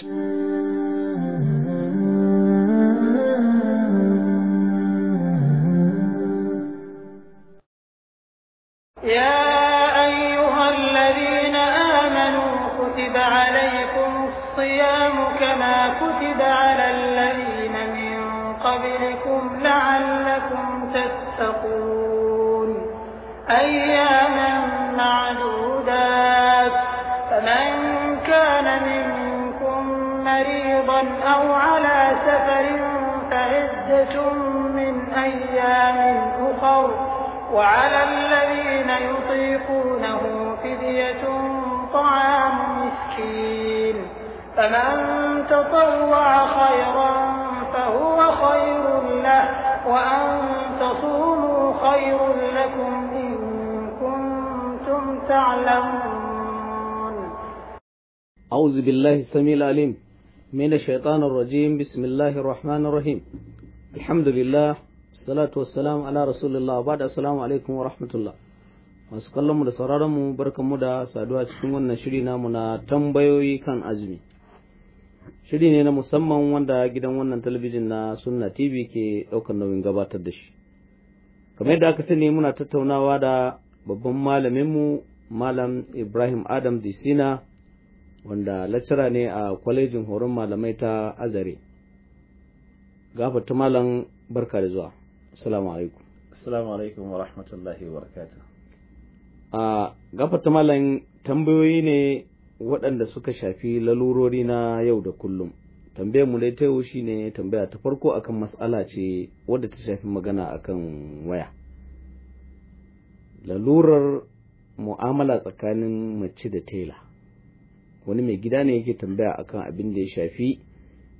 Christ. خير له وأن تصوموا خير لكم إن كنتم تعلمون أعوذ بالله السميع العليم من الشيطان الرجيم بسم الله الرحمن الرحيم الحمد لله والصلاة والسلام على رسول الله بعد السلام عليكم ورحمة الله masu kallonmu da sauraronmu barkanmu da saduwa cikin wannan shiri namu na tambayoyi kan azumi shiri ne na musamman wanda gidan wannan talabijin na sunna tv ke ɗaukar nauyin gabatar da shi kamar yadda aka sani muna tattaunawa da babban malaminmu malam ibrahim adam disina wanda lecturer ne a kwalejin horon malamai ta azare gafata malam barka da zuwa assalamu alaikum assalamu alaikum wa rahmatullahi wa barakatuh a gafata malam tambayoyi ne waɗanda suka shafi lalurori na yau da kullum tambayar mu dai ta yau shine tambaya ta farko akan matsala ce wadda ta shafi magana akan waya lalurar mu'amala tsakanin mace da tela wani mai gida ne yake tambaya akan abin da ya shafi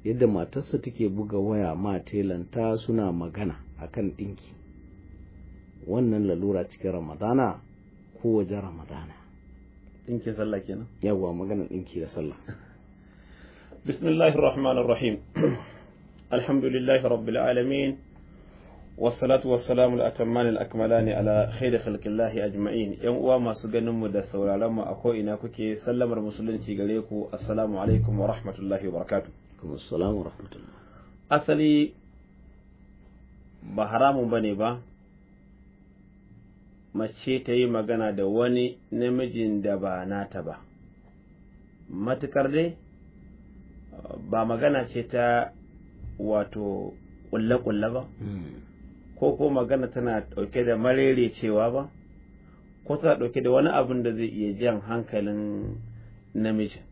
yadda matarsa take buga waya ma telanta suna magana akan ɗinki wannan lalura cikin ramadana ko wajen ramadana dinke sallah kenan yawwa magana dinke da sallah bismillahir rahmanir rahim alhamdulillahi rabbil alamin wassalatu wassalamu al atamman al akmalan ala khair khalqillah ajma'in yan uwa masu ganin mu da sauraron mu a ina kuke sallamar musulunci gare ku assalamu alaikum wa rahmatullahi wa barakatuh assalamu wa rahmatullahi asali ba haramun bane ba. mace ta yi magana da wani namijin da ba nata ba matukar dai ba magana ce ta wato ƙulle-ƙulle ba ko ko magana tana ɗauke da marerecewa ba ko tana ɗauke da wani abin da zai iya jan hankalin namijin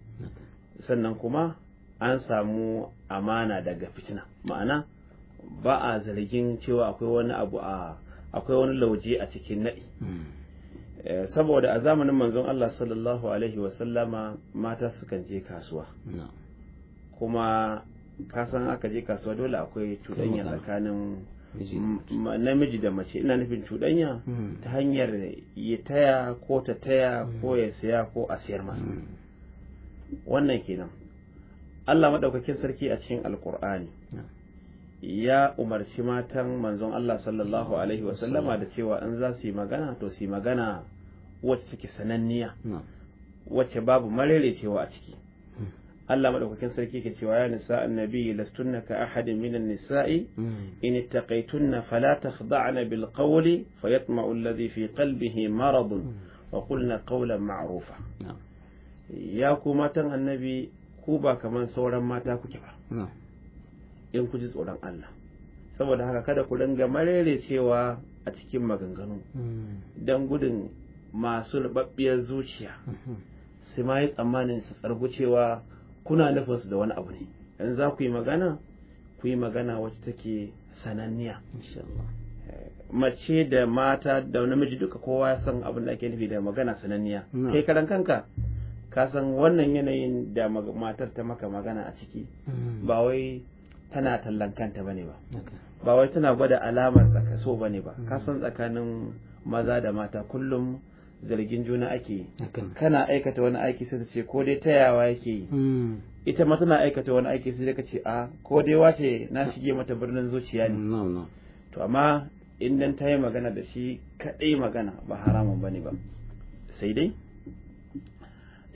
sannan kuma an samu amana daga fitina ma'ana ba a zargin cewa akwai wani abu a akwai wani lauje a cikin naɗi hmm. eh, saboda a zamanin manzon Allah sallallahu alaihi wasallama mata sukan je kasuwa kuma kasan aka je kasuwa dole akwai cuɗanya tsakanin namiji da mace ina nufin cuɗanya hmm. ta hanyar ya taya ko ta taya hmm. ko ya siya ko a siyar masa wannan kenan Allah maɗaukakin sarki a cikin alkur'ani ya umarci matan manzon Allah sallallahu alaihi wasallama da cewa in za su yi magana to su yi magana wacce suke sananniya wacce babu cewa a ciki hmm. Allah madaukakin sarki ke cewa ya nisa annabi lastunna ka ahadin minan nisa'i hmm. in ittaqaytunna fala takhda'na bil qawli fayatma'u alladhi fi qalbihi maradun hmm. wa qulna qawlan ma'rufa ya ku matan annabi ku ba kaman sauran mata kuke ba in ku ji tsoron Allah saboda haka kada ku ringa marere cewa a cikin maganganu hmm. don gudun masu rubabbiyar zuciya hmm. su ma yi tsammanin su tsargu cewa kuna nufinsu da wani abu ne in za ku yi magana ku yi magana wacce take sananniya eh, mace da mata da namiji duka kowa ya san abin da ake nufi da magana sananniya kai karan kanka ka san wannan yanayin da matar ta maka magana a ciki hmm. ba wai tana tallan kanta bane ba ba wai tana gwada alamar tsaka so bane ba kasan tsakanin maza da mata kullum zargin juna ake yi kana aikata wani aiki sai ta ce ko dai tayawa yake yi hmm. ita ma tana aikata wani aiki sai ka ce a ko dai wace na shige mata birnin zuciya ne to amma in dan ta yi magana da shi kaɗai magana ba haramun bane ba sai dai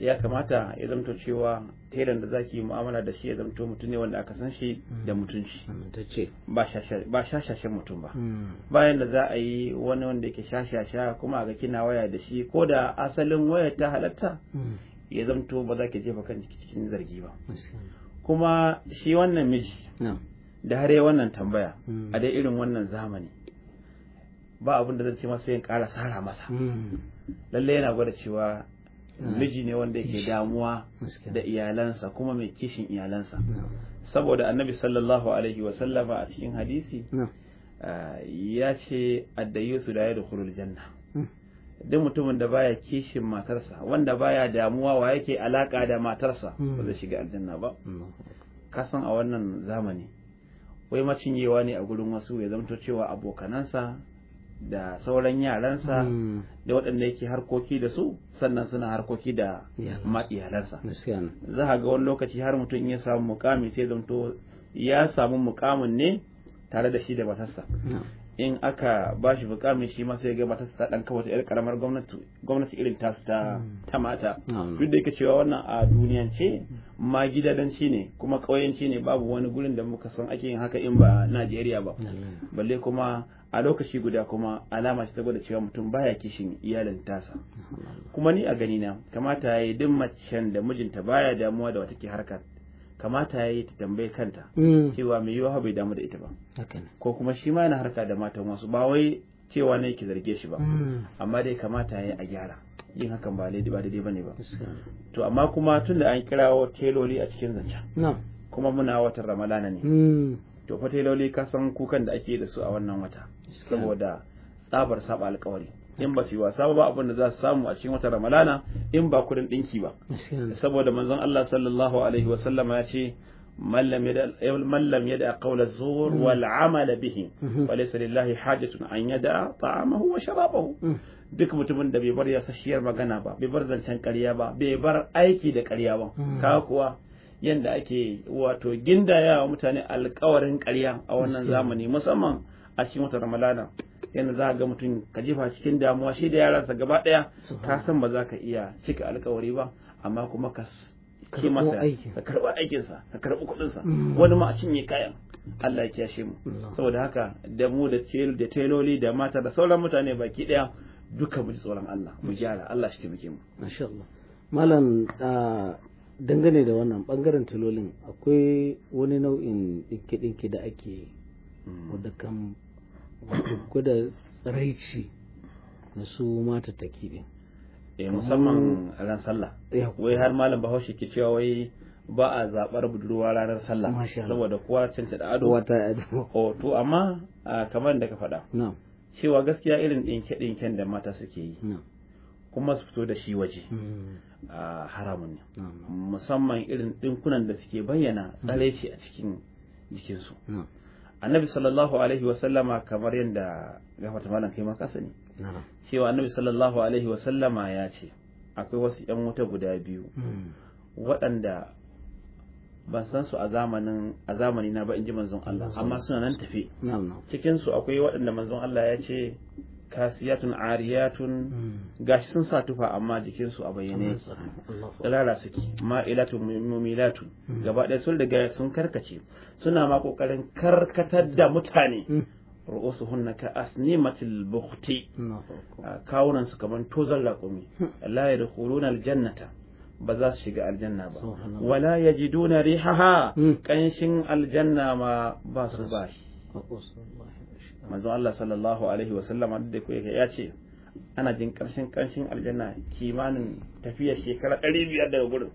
ya kamata ya zamto cewa tailan da zaki mu'amala da shi ya zamto mutum ne wanda aka san shi mm. da mutunci ba shashashe mutum ba mm. bayan da za a yi wani wanda yake shashasha kuma a ga kina waya da shi ko da asalin waya ta halatta mm. ya zamto ba za ki jefa kan cikin zargi ba kuma shi wannan miji da har yi wannan tambaya a dai irin wannan zamani ba abin da zan ce masa yin kara sara masa lallai yana gwada cewa Mm. miji ne wanda yake damuwa da iyalansa kuma mai kishin iyalansa mm. saboda annabi sallallahu alaihi wa sallama a cikin hadisi mm. uh, ya ce su da ya dukhulul janna duk mutumin da baya kishin matarsa wanda baya damuwa wa yake alaka da matarsa ba zai shiga aljanna ba kasan a wannan zamani wai macinyewa ne a gurin wasu ya zamto cewa abokanansa da sauran yaransa hmm. da waɗanda yake harkoki da su sannan suna harkoki da iyalansa za a ga wani lokaci har mutum ya samu mukami sai zamto ya samu mukamin ne tare da shi da batarsa in aka ba shi mukamin shi ma sai ga matarsa ta ɗan kawata ta karamar gwamnati irin tasu ta hmm. ta mata duk da yake cewa wannan a duniyance ma gidadanci ne kuma ƙauyenci ne babu wani gurin da muka san ake yin haka in ba Najeriya ba balle kuma a lokaci guda kuma alama ce ta gwada cewa mutum baya kishin iyalin tasa kuma ni a ganina kamata ya yi duk macen da mijinta baya damuwa da wata ke harkar kamata ya yi ta tambaye kanta mm. cewa mai yiwuwa bai damu da ita ba ko kuma shi ma yana harka da matan wasu ba wai cewa na ki zarge shi ba mm. amma dai kamata ya yi a gyara yin hakan ba daidai ba daidai bane ba to amma kuma tun da an kirawo teloli a cikin zancen kuma muna watan ramadana ne mm. to fa teloli ka san kukan da ake da su a wannan wata saboda tsabar saba alkawari in ba su yi wasa ba abin da za su samu a cikin wata ramalana in ba kudin dinki ba saboda manzon Allah sallallahu alaihi wa sallama ya ce man lam yada qawla zuhur mm. wal amala bihi wa mm-hmm. laysa lillahi hajatun an yada ta'amahu wa sharabahu mm. duk mutumin da bai bar yasashiyar magana ba bai bar zancen ƙarya ba bai bar aiki da ƙarya ba mm. ka kuwa yadda ake wato gindaya wa mutane alkawarin ƙarya a wannan zamani musamman a cikin wata ramadana yadda za ga mutum ka jefa cikin damuwa shi da yaransa gaba ɗaya ka san ba za ka iya cika alkawari ba amma kuma ka ka karɓi aikinsa ka karɓi kuɗinsa mm. wani ma a cinye kayan Allah ya kiyashe mu mm. saboda haka da mu da teloli da mata da sauran mutane baki ɗaya duka mu ji tsoron Allah mu gyara Allah shi taimake mu masha Allah malam ah, dangane da wannan bangaren tilolin akwai wani nau'in ɗinke-ɗinke da ake wadda kan gwada tsiraici na su mata taki ɗin eh, musamman ran sallah wai har malam bahaushe ke cewa wai ba a zaɓar budurwa ranar sallah saboda kowa canta da ado wata ado to amma ah, kamar da ka faɗa cewa gaskiya irin dinke-dinken da mata suke yi kuma su fito da shi waje hmm. ah, haramun ne musamman irin ɗinkunan da suke bayyana shi a cikin jikinsu annabi sallallahu alaihi wasallama kamar yadda gafata malam kai maka sani cewa annabi sallallahu alaihi wasallama ya ce akwai wasu 'yan wuta guda biyu hmm. waɗanda ban san su a zamani na ba in ji manzon Allah amma suna nan tafe cikinsu akwai waɗanda manzon Allah ya ce kasiyatun ariyatun hmm. gashi sun sa tufa amma jikinsu a bayyane tsirara suke ma'ilatun mumilatun hmm. gaba ɗaya sun riga sun karkace suna ma ƙoƙarin karkatar da mutane hmm. hunna ka asnimatil bukhti kawunan su kaman tozan laƙumi la yadkhuluna aljannata ba za su shiga aljanna ba wala yajiduna rihaha kanshin aljanna ma ba su ba manzo Allah sallallahu alaihi wa sallama da ku ya ce ana jin karshen karshen aljanna kimanin tafiya shekara ɗari biyar daga gurin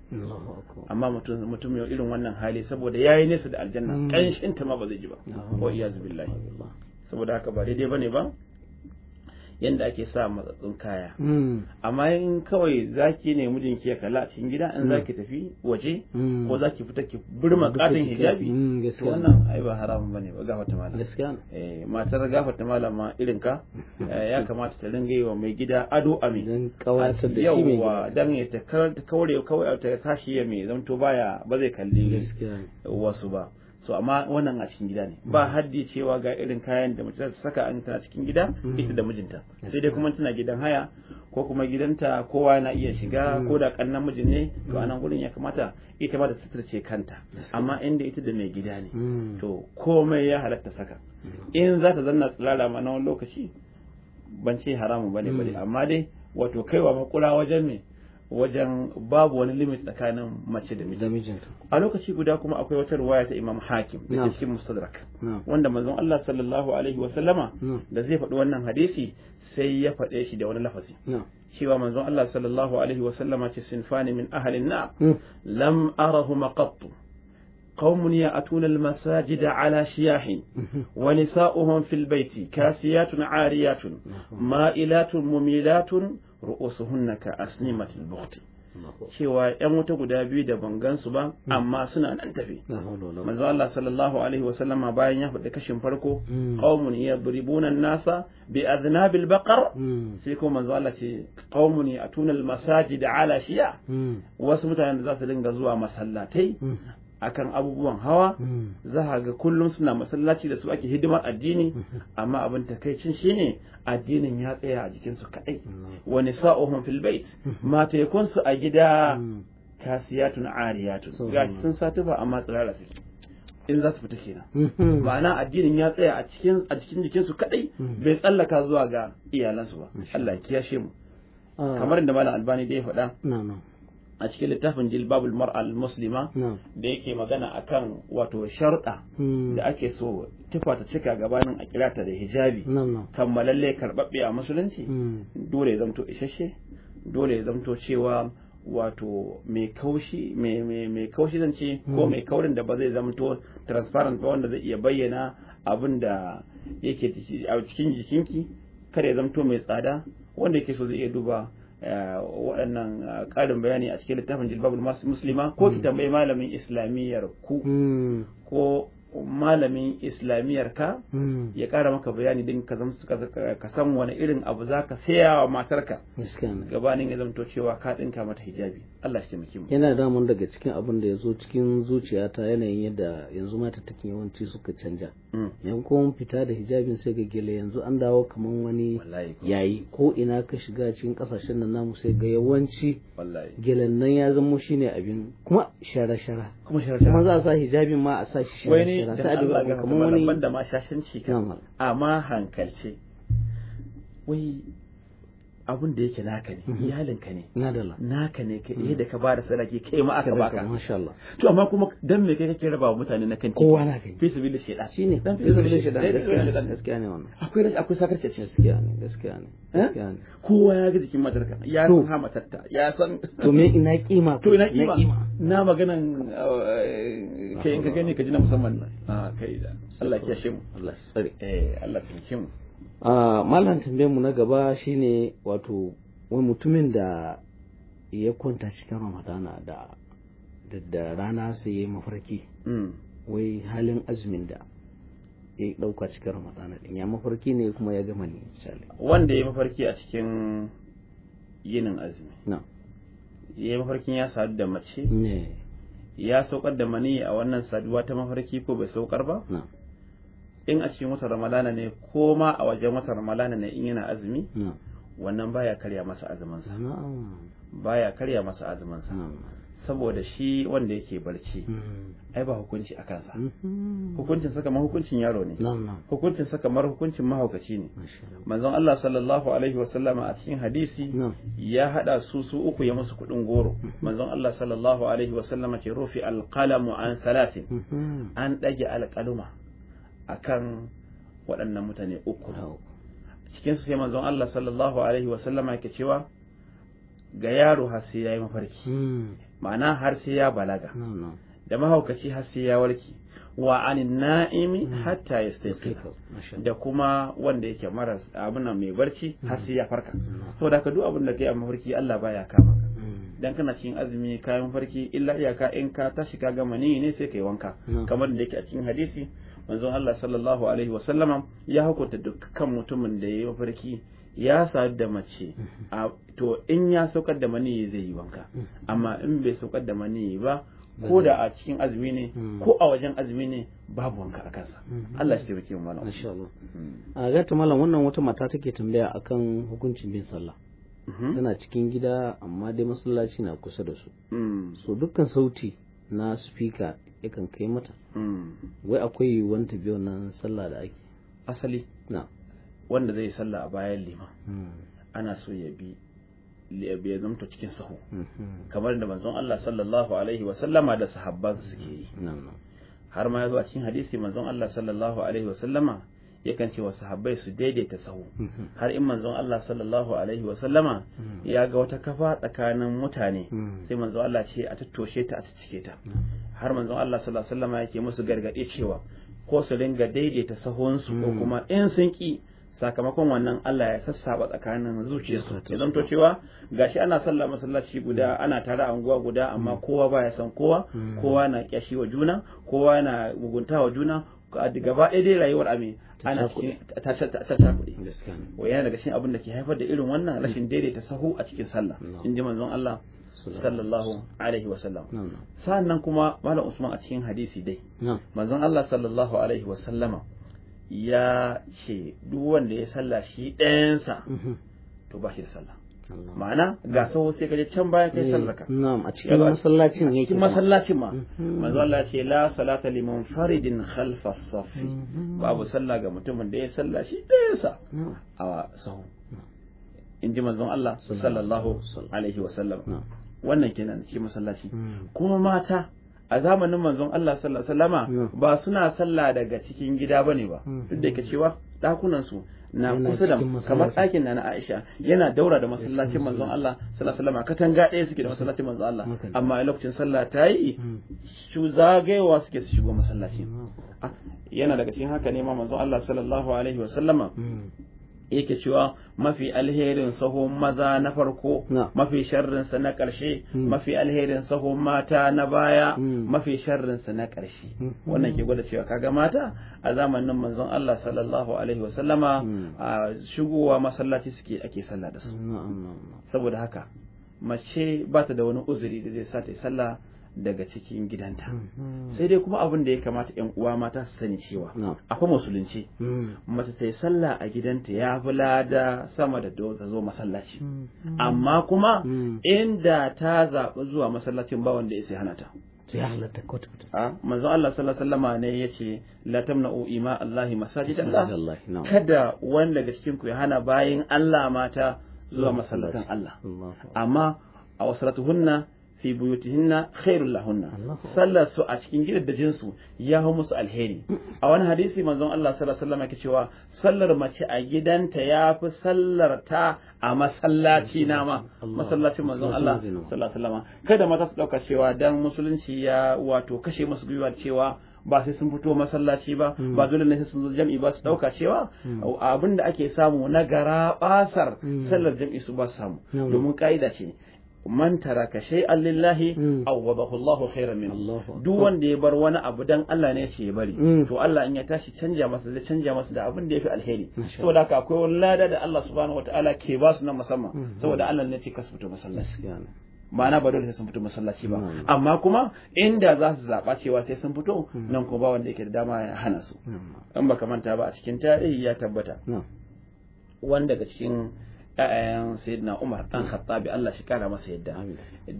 amma mutum mutum yau irin wannan hali saboda yayi nesa da aljanna kanshin mm. ta ma ba zai ji ba wa iyazu billahi saboda haka ba daidai bane ba yadda ake sa matsatsun kaya hmm. amma in kawai zaki ne mijin ke ya kalla a cikin gida in hmm. zaki tafi waje hmm. ko zaki fita ki burma katin hijabi to wannan ai ba haramun bane ba gafata mala. gaskiya eh matar gafata mala ma irin ka eh, ya kamata ta ringa yi wa mai gida ado a me dan kawatar da shi mai yawa dan ya ta kaure kawai ta sashi ya mai zanto baya ba zai kalli wasu ba so amma wannan a cikin gida ne ba mm. haddi cewa ga irin kayan da mace ta saka an tana cikin gida mm. ita da mijinta sai dai kuma tana gidan haya ko kuma gidanta kowa na iya shiga mm. ko da kannan miji ne to anan gurin ya kamata ita ma da suturce kanta amma inda ita da mai gida ne to komai ya halatta saka in za ta zanna tsirara ma na wani lokaci ban ce haramun ba bane amma dai wato kaiwa makura wajen ne. wajen babu wani limit tsakanin mace da miji a lokaci guda kuma akwai wata ruwaya ta Imam Hakim da ke cikin Mustadrak wanda manzon Allah sallallahu alaihi wa sallama da zai faɗi wannan hadisi sai ya faɗe shi da wani lafazi cewa manzon Allah sallallahu alaihi wa sallama ce sinfani min ahlin na lam arahuma qattu قوم يأتون المساجد على شياح ونساؤهم في البيت كاسيات عاريات مائلات مميلات ru'usuhunna ka asnimatil bukti cewa ‘yan wuta guda biyu da ban gansu ba hmm. amma suna nan tafe. Manzo Allah sallallahu alaihi wa sallama bayan ya faɗi kashin farko hmm. qaumun yadribuna nasa bi aznabil baqar hmm. sai kuma manzo Allah ce qaumun yatuna al masajid ala shiya wasu mutanen da za su dinga zuwa masallatai akan abubuwan hawa hmm. za a ga kullum suna masallaci da su ake hidimar addini hmm. amma abin takaicin shine addinin ya tsaya a jikinsu kadai hmm. wani sa'ohun fil bait su a gida kasiyatun ariyatun gashi sun sa tufa amma tsirara suke in za su fita kenan ma'ana addinin ya tsaya a cikin jikinsu kadai bai tsallaka zuwa ga iyalansu ba Allah ya kiyashe mu ah. kamar da malam albani da ya faɗa a cikin littafin jilbabul mar'al muslima da yake magana akan wato sharda hmm. da ake so tufa ta cika gabanin a kirata da hijabi kammalalle karɓaɓɓe a musulunci hmm. dole ya zamto isasshe dole ya zamto cewa wato mai kaushi mai zan ce ko hmm. mai kaurin da ba zai zamto transparent ba wanda zai iya bayyana abin da yake a cikin jikinki kada ya zamto mai tsada wanda yake so zai iya duba Eh, waɗannan eh, ƙarin bayani a cikin littafin jilbabul muslima ko ki mm. tambayi malamin islamiyyar ku mm. ko malamin islamiyar ka hmm. ya kara maka bayani din ka ka san wani irin abu za ka saya wa matarka gabanin ya zamto cewa ka dinka mata hijabi Allah shi taimake mu yana damun daga cikin abin da ya zo cikin zuciyata yanayin yadda yanzu mata take yawanci suka canja yankon hmm. fita da hijabin sai ga gele yanzu an dawo kaman wani yayi ko ina ka shiga cikin kasashen nan namu sai ga yawanci gelen nan ya zamo shine abin kuma shara shara kuma za a sa hijabin ma a sa shi shara ba sa'adu ba kamar wani ban da ma shashanci kan amma hankalce wai abun da yake naka ne mhm. iyalinka ne naka ne ke mhm. yadda ka bada sadaki kai ma aka baka masha Allah to amma kuma dan me kai kake rabawa mutane na kan titi kowa naka ne fi sabilillah shedan shine dan fi sabilillah shedan gaskiya ne wannan akwai akwai sakarci ce gaskiya gaskiya ne eh? gaskiya ne kowa ya ga jikin matarka ya san ha matarta ya san to me ina kima to ina kima na maganan eh, kai in ka gani ka ji na musamman a ah, kai da Allah ya shi mu Allah tsare eh Allah ya shi mu a ah, mallan tambayar mu na gaba shine wato wai mutumin da ya kwanta cikin Ramadana da da rana sai ya yi mafarki mm. wai halin azumin da ya dauka cikin Ramadana din ya mafarki ne kuma ya gama ne misali wanda ya mafarki a cikin yinin azumi na ya mafarkin ya sadu da mace ya saukar da maniyi a wannan saduwa ta mafarki ko bai saukar ba in a cikin watan ramadana ne ko ma a wajen watan ramadana ne in yana azumi wannan baya karya masa azumansa baya karya masa azumansa saboda shi wanda yake barci mm-hmm. ai ba hukunci a kansa mm-hmm. hukuncin sa kamar hukuncin yaro ne hukuncin sa kamar hukuncin mahaukaci ne manzon Allah sallallahu alaihi wasallama a cikin hadisi ya hada su su uku ya musu kudin goro mm-hmm. manzon Allah sallallahu alaihi wasallama ce rufi alqalamu an thalathin an dage alqaluma akan waɗannan mutane uku cikin su sai manzon Allah sallallahu alaihi wasallama yake cewa ga yaro har sai ya yi mafarki hmm. ma'ana har sai ya balaga da mahaukaci har sai ya warke wa anin na'imi hmm. hatta ya da kuma wanda yake maras abuna mai barci hmm. har sai ya farka saboda ka duk abin da kai a mafarki Allah baya kama ka dan kana cikin azumi kayan mafarki illa iyaka in ka tashi ka gama ni ne sai kai wanka kamar da yake a cikin hadisi manzon Allah sallallahu alaihi wa sallama ya hukunta dukkan mutumin da yayi mafarki ya sadu da mace to in ya saukar da maniyi zai yi wanka amma in bai saukar da maniyi ba ko da a cikin azumi ne ko a wajen azumi ne babu wanka a kansa Allah shi taimake mu malam insha Allah mm. a ga ta wannan wata mata take tambaya akan hukuncin bin sallah mm-hmm. tana cikin gida amma dai masallaci na kusa da su mm. so dukkan sauti na speaker yakan kai mata mm. wai akwai yiwuwar biyo nan sallah da ake asali na'am wanda zai sallah a bayan liman hmm. ana so ya bi ya zamto cikin sahu hmm. kamar da manzon Allah sallallahu alaihi wa sallama da sahabban suke yi har ma yazo a cikin hadisi manzon Allah sallallahu alaihi wa sallama yakan ce wa sahabbai su daidaita sahu hmm. har in manzon Allah sallallahu alaihi wa sallama ya ga wata kafa tsakanin mutane sai manzon Allah ce a tattoshe ta a cike ta har manzon Allah sallallahu alaihi wa sallama yake musu gargaɗe cewa ko su ringa daidaita su ko kuma in sun ki sakamakon wannan Allah ya sassaba tsakanin zuciyarsu ya zanto cewa gashi ana sallah masallaci guda hmm. ana tare a unguwa guda amma hmm. kowa baya san kowa hmm. kowa na kyashi wa juna kowa na mugunta wa juna gaba ɗaya dai rayuwar ame ana ta kuɗi wa yana daga cikin abin da ke haifar da irin wannan rashin daidaita sahu a cikin sallah in ji manzon Allah sallallahu alaihi wa sallam sa'annan kuma malam Usman a cikin hadisi dai manzon Allah sallallahu alaihi wa sallama. ya ce duk wanda ya salla shi ɗayansa mhm. to ba shi da sallah ma'ana ga sauwa sai kaje can baya kai sallaka mm, na'am a cikin masallacin yake cikin masallacin ma mhm. manzo Allah ce la salata liman faridin khalfa safi mhm. babu sallah ga mutumin da ya salla shi ɗayansa a sahu in ji manzon Allah sallallahu alaihi wa sallam wannan kenan cikin masallaci mm. kuma mata a zamanin manzon Allah sallallahu alaihi wasallama ba suna sallah daga cikin gida bane ba mm. duk da yake cewa dakunan su na kusa da kamar ɗakin na na Aisha yana daura da masallacin manzon Allah sallallahu alaihi wasallama katanga ɗaya suke da masallacin manzon Allah amma a lokacin sallah ta yi mm. su zagayewa suke su shigo masallaci mm. ah, yana daga cikin haka ne ma manzon Allah sallallahu alaihi wasallama yake cewa mafi alherin sahun maza na farko mafi sharrinsa na ƙarshe hmm. mafi alherin sahun mata na baya hmm. mafi sharrinsa na ƙarshe hmm. wannan ke gwada cewa kaga mata a zamanin manzon Allah sallallahu alaihi wasallama a shigowa masallaci suke ake sallah da su saboda haka mace ba ta da wani uzuri da zai sa ta yi sallah daga cikin gidanta hmm. sai dai kuma abin da ya kamata yan uwa mata su sani cewa akwai musulunci hmm. mace ta yi sallah a gidanta ya bula da sama da ta zo masallaci hmm. amma kuma inda ta zaɓi zuwa masallacin ba wanda ya hana ta ya halatta kwata ah, manzon Allah sallallahu alaihi wasallam ne yace la u ima Allah masajid Allah kada wanda daga cikin ku ya hana bayin Allah mata zuwa masallacin Allah amma a wasalatuhunna fi buyutihinna khairul lahunna sallar su a cikin gidajen su ya hu musu alheri a wani hadisi manzon Allah sallallahu alaihi wasallam yake cewa sallar mace a gidanta ya fi sallar ta a masallaci na ma masallacin manzon Allah sallallahu alaihi wasallam kada mata su dauka cewa dan musulunci ya wato kashe musu gwiwa cewa ba sai sun fito masallaci ba hmm. ba dole ne sai sun zo jam'i ba su dauka cewa hmm. abin da ake samu na gara basar hmm. sallar jam'i su ba samu domin ka'ida ce man taraka shay'an lillahi hmm. awwadahu Allahu khairan min duk wanda ya bar wani abu dan Allah ne ya bari hmm. to Allah in ya tashi canja masa da canja masa da abin da yafi alheri saboda haka akwai wani lada da Allah subhanahu wataala ke ba su na musamman hmm. saboda Allah ne ya ce fito masallaci ma'ana ba dole sai sun fito masallaci ba amma kuma inda za su zaɓa cewa sai sun fito nan kuma ba wanda yake da dama ya hana su in baka manta ba a cikin tarihi ya tabbata wanda daga cikin ƴaƴan sayyidina Umar dan mm. Khattabi Allah shi kara masa yadda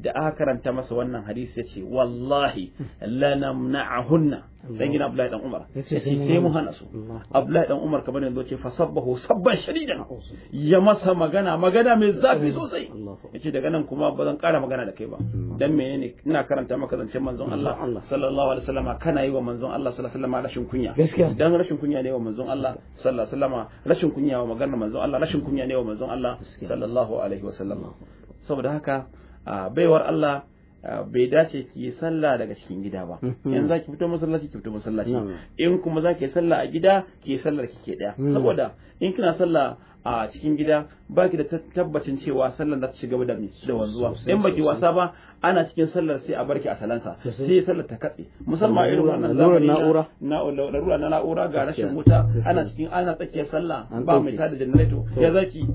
da aka karanta masa wannan hadisi ce wallahi mm. lanamna'ahunna dan gina Abdullahi dan Umar yace sai mu hana su Abdullahi dan Umar kamar yanzu ce fasabbahu sabban shadidan ya masa magana magana mai zafi sosai yace daga nan kuma ba zan kara magana da kai ba dan menene ina karanta maka zancen manzon Allah sallallahu alaihi wasallama kana yi wa manzon Allah sallallahu alaihi wasallama rashin kunya dan rashin kunya ne wa manzon Allah sallallahu alaihi wasallama rashin kunya wa maganar manzon Allah rashin kunya ne wa manzon Allah sallallahu alaihi wasallama saboda haka baiwar Allah Eh, bai dace ki yi sallah daga cikin gida ba mhm. Yanzu za ki fito masallaci ki fito masallaci in kuma za ki yi sallah a gida ki yi sallar ki ke daya mhm. saboda in kina sallah a cikin gida ba ki da tabbacin cewa sallar za ta shiga da da wanzuwa in baki wasa ba ana cikin sallar sai a barki a salansa sai sallar ta katse musamman irin wannan na'ura na'ura na na'ura ga rashin wuta ana cikin ana tsakiyar sallah ba mai tada janareto ya zaki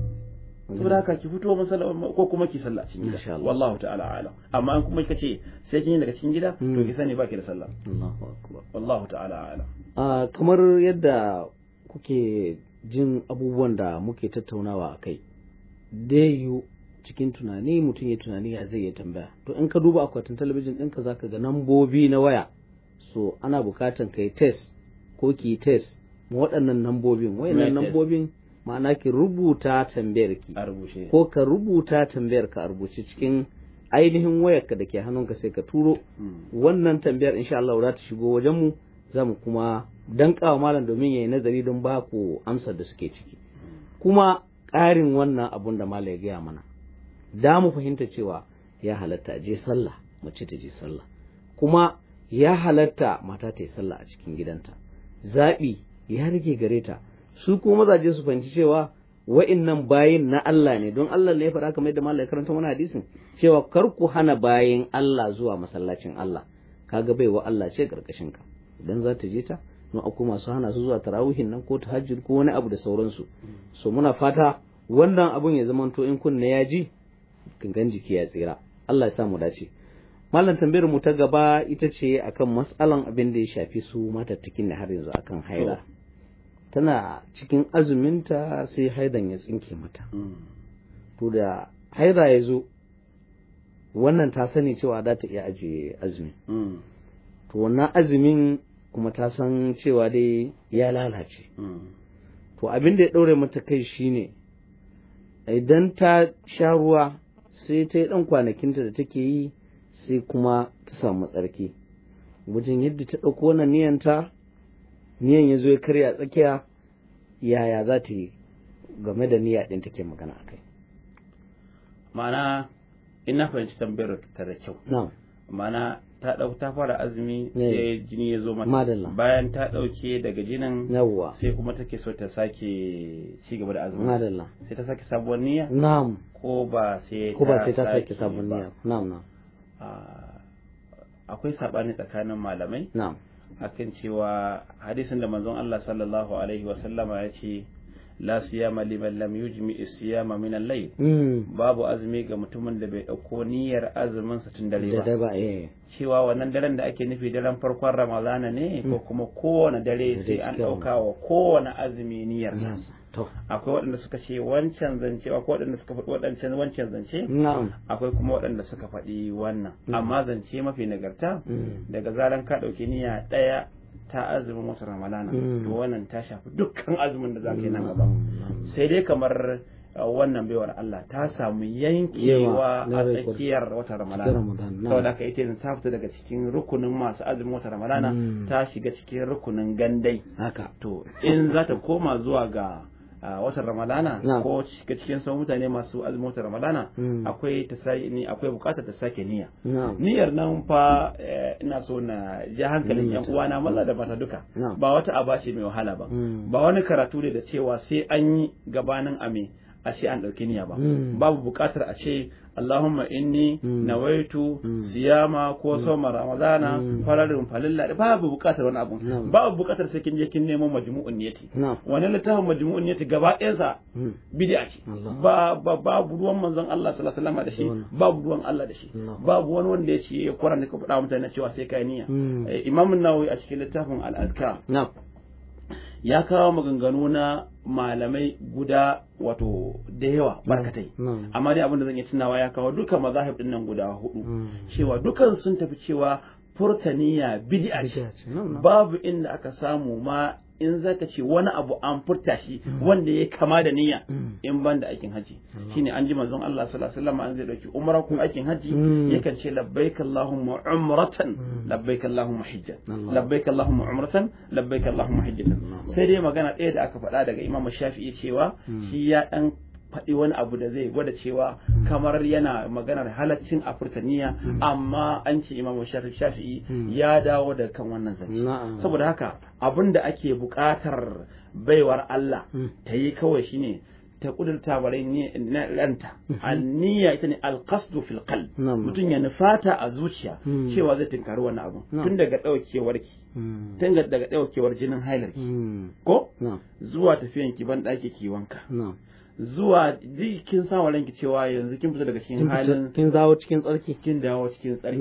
saboda haka ki fito masallaci ko kuma ki sallah cikin gida wallahu ta'ala alam amma an kuma kace sai kin yi daga cikin gida to ki sani baki da sallah wallahu ta'ala alam a kamar yadda kuke jin abubuwan da muke tattaunawa a kai dai yu cikin tunani mutum ya tunani ya zai ya tambaya to in ka duba akwatin talabijin ɗinka zaka ga nambobi na waya so ana bukatan kai test ko ki test waɗannan nambobin wayannan nambobin ma'ana ki rubuta tambayar ki ko ka rubuta tambayarka ka a rubuce cikin ainihin wayarka da ke hannunka sai ka turo hmm. wannan tambayar insha Allah za ta shigo wajen mu za mu kuma dankawa malam domin yayi nazari don ba ku amsar da suke ciki hmm. kuma ƙarin wannan abun da malam ya gaya mana da mu fahimta cewa ya halatta je sallah mace ta je sallah kuma ya halatta mata ta yi sallah a cikin gidanta zaɓi ya rage gare ta su ko mazaje su fahimci cewa wa'innan bayin na Allah ne don Allah ne ya faɗa kamar yadda malai karanta wani hadisin cewa kar ku hana bayin Allah zuwa masallacin Allah kaga baiwa Allah ce karkashin ka idan za ta je ta mu akwai masu hana su zuwa tarawihin nan ko tahajjud ko wani abu da sauransu so muna fata wannan abun ya zama to in kunne ya ji gangan jiki ya tsira Allah ya sa mu dace Mallam tambayar mu ta gaba ita ce akan matsalan abin da ya shafi su matattakin da har yanzu akan haira. tana cikin azuminta sai haidan ya tsinke mata hmm. to da haira ya zo wannan ta sani cewa za ta iya ajiye azumi hmm. to wannan azumin kuma ta san cewa dai ya lalace hmm. to abin da ya ɗaure mata kai shine idan ta sha ruwa sai ta yi ɗan kwanakinta da take yi sai kuma ta samu tsarki wajen yadda ta ɗauko wannan niyanta niyan ya zo ya karya tsakiya yaya za ta yi game da niyya ɗin take magana a kai. ma'ana ina fahimci tambayar ta da kyau ma'ana ta ɗauki ta fara azumi eh. sai jini ya zo mata bayan ta ɗauke daga jinin yawwa sai kuma take so ta sake ci gaba da azumi sai ta sake sabuwar niyya na'am ko ba sai ko ba sai ta sake sabuwar niyya na'am na'am ah, akwai sabani tsakanin malamai na'am akan cewa hadisin da manzon Allah sallallahu alaihi wasallama ya ce la siyama liman lam yujmi siyama min al-layl hmm. babu azumi ga mutumin da bai dauko niyyar azumin sa tun dare ba eh. cewa wannan daren da ake nufi daren farkon ramadana ne ko hmm. kuma kowane dare sai an dauka wa kowane azumi niyyar sa akwai waɗanda suka ce wancan zance akwai waɗanda suka faɗi waɗancan wancan zance akwai kuma waɗanda suka faɗi wannan amma zance mafi nagarta hmm. daga zaran ka ɗauki niyya ɗaya ta azumin watan ramadana hmm. to wannan ta shafi dukkan azumin da zaka yi nan hmm. gaba hmm. sai dai kamar uh, wannan baiwar Allah ta samu yankewa a tsakiyar watan Ramadana saboda ka ita yanzu ta fita daga cikin rukunin masu azumin watan Ramadana ta shiga cikin rukunin gandai haka to in za ta koma zuwa ga a watan ramadana ko ga cikin sau mutane masu azumin watan ramadana hmm. akwai ta akwai bukatar ta sake niyya niyyar nan fa eh, ina so na ji hankalin hmm. yan uwana maza da mata duka ba wata abashi mai wahala ba hmm. ba wani karatu ne da cewa sai an yi gabanin ame a ce an ɗauki niyya ba hmm. babu buƙatar a ce Allahumma inni hmm. nawaitu hmm. siyama ko soma ramadana fararin falilla babu buƙatar wani abu babu buƙatar sai kin je kin nemo majmu'un niyyati wani littafin majmu'un niyyati gaba ɗayansa bid'a ce babu ruwan manzon Allah sallallahu alaihi da shi babu ruwan Allah da shi babu wani wanda ya ce ya ne ka faɗa mutane cewa sai kai niyya eh, Imam Nawawi a cikin littafin al ya kawo maganganu na malamai guda wato da yawa barkatai amma dai abin da zan yi tunawa ya kawo duka mazahib din nan guda hudu mm. cewa dukan sun tafi cewa furtaniya bid'a ce babu inda aka samu ma in zaka ce wani abu an furta shi wanda ya kama da niyya mm. in ban da aikin hajji. Mm. shine an ji manzon Allah sallallahu alaihi wasallam an zai dauki umra ko aikin hajji mm. yakan ce labbaik allahumma umratan labbaik allahumma hajjan labbaik allahumma umratan labbaik allahumma sai dai magana ɗaya da aka faɗa daga Imam Shafi'i cewa shi ya dan faɗi wani abu da zai gwada cewa kamar yana maganar halaccin a furtaniya amma an ce imam shafi'i ya dawo da kan wannan zance saboda haka abin da ake buƙatar baiwar Allah hmm. ta yi kawai shine ta kudurta bare na ranta hmm. anniya ita ne alkasdu fil qalb mutum ya nufata a zuciya hmm. cewa zai tunkari wani abu tun daga daukewar ki tun daga daukewar jinin hailar ki ko zuwa tafiyan ki ban daki ki wanka zuwa ji kin sa ranki cewa yanzu kin fita daga cikin halin kin dawo cikin tsarki kin dawo cikin tsarki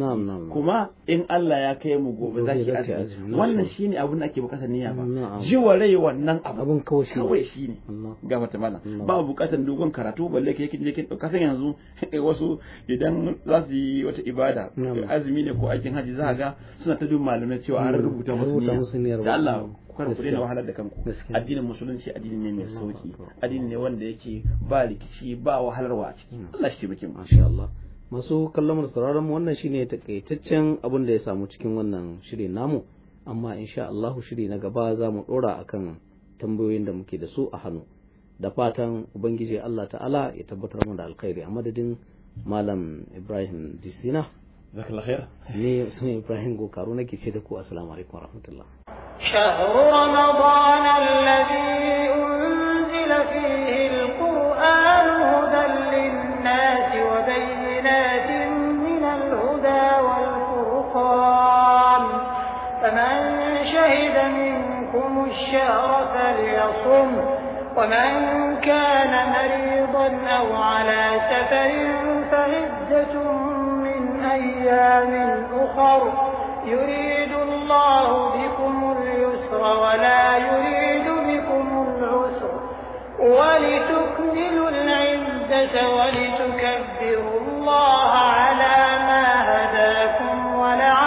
kuma in Allah ya kai mu gobe za ki azumi wannan shine abin da ake bukatar niyya ba ji wa rai wannan abin kawai shi kawai shine ga mata mana ba bukatar dogon karatu balle kai kin je kin dauka san yanzu eh, wasu idan za su yi wata ibada azumi ne ko aikin haji za ga suna ta dun malamai cewa an rubuta musu niyya da Allah kar na wahalar da kanku addinin musulunci addini ne mai sauki addini ne wanda yake ba rikici ba wahalarwa a ciki mm. Allah shi taimake mu insha Allah masu kallon sauraron mu wannan shine takaitaccen abin da ya samu cikin wannan shirin namu amma insha Allah shiri na gaba za mu dora akan tambayoyin da muke da su a hannu da fatan ubangiji Allah ta'ala ya tabbatar mu da alkhairi a madadin malam Ibrahim Disina zakallah khair ni sunan Ibrahim Gokaru nake ce da ku assalamu alaikum warahmatullahi شهر رمضان الذي أنزل فيه القرآن هدى للناس وبينات من الهدى والفرقان فمن شهد منكم الشهر فليصم ومن كان مريضا أو على سفر فعدة من أيام أخر يريد الله بكم اليسر ولا يريد بكم العسر ولتكملوا العدة ولتكبروا الله على ما هداكم ولعلكم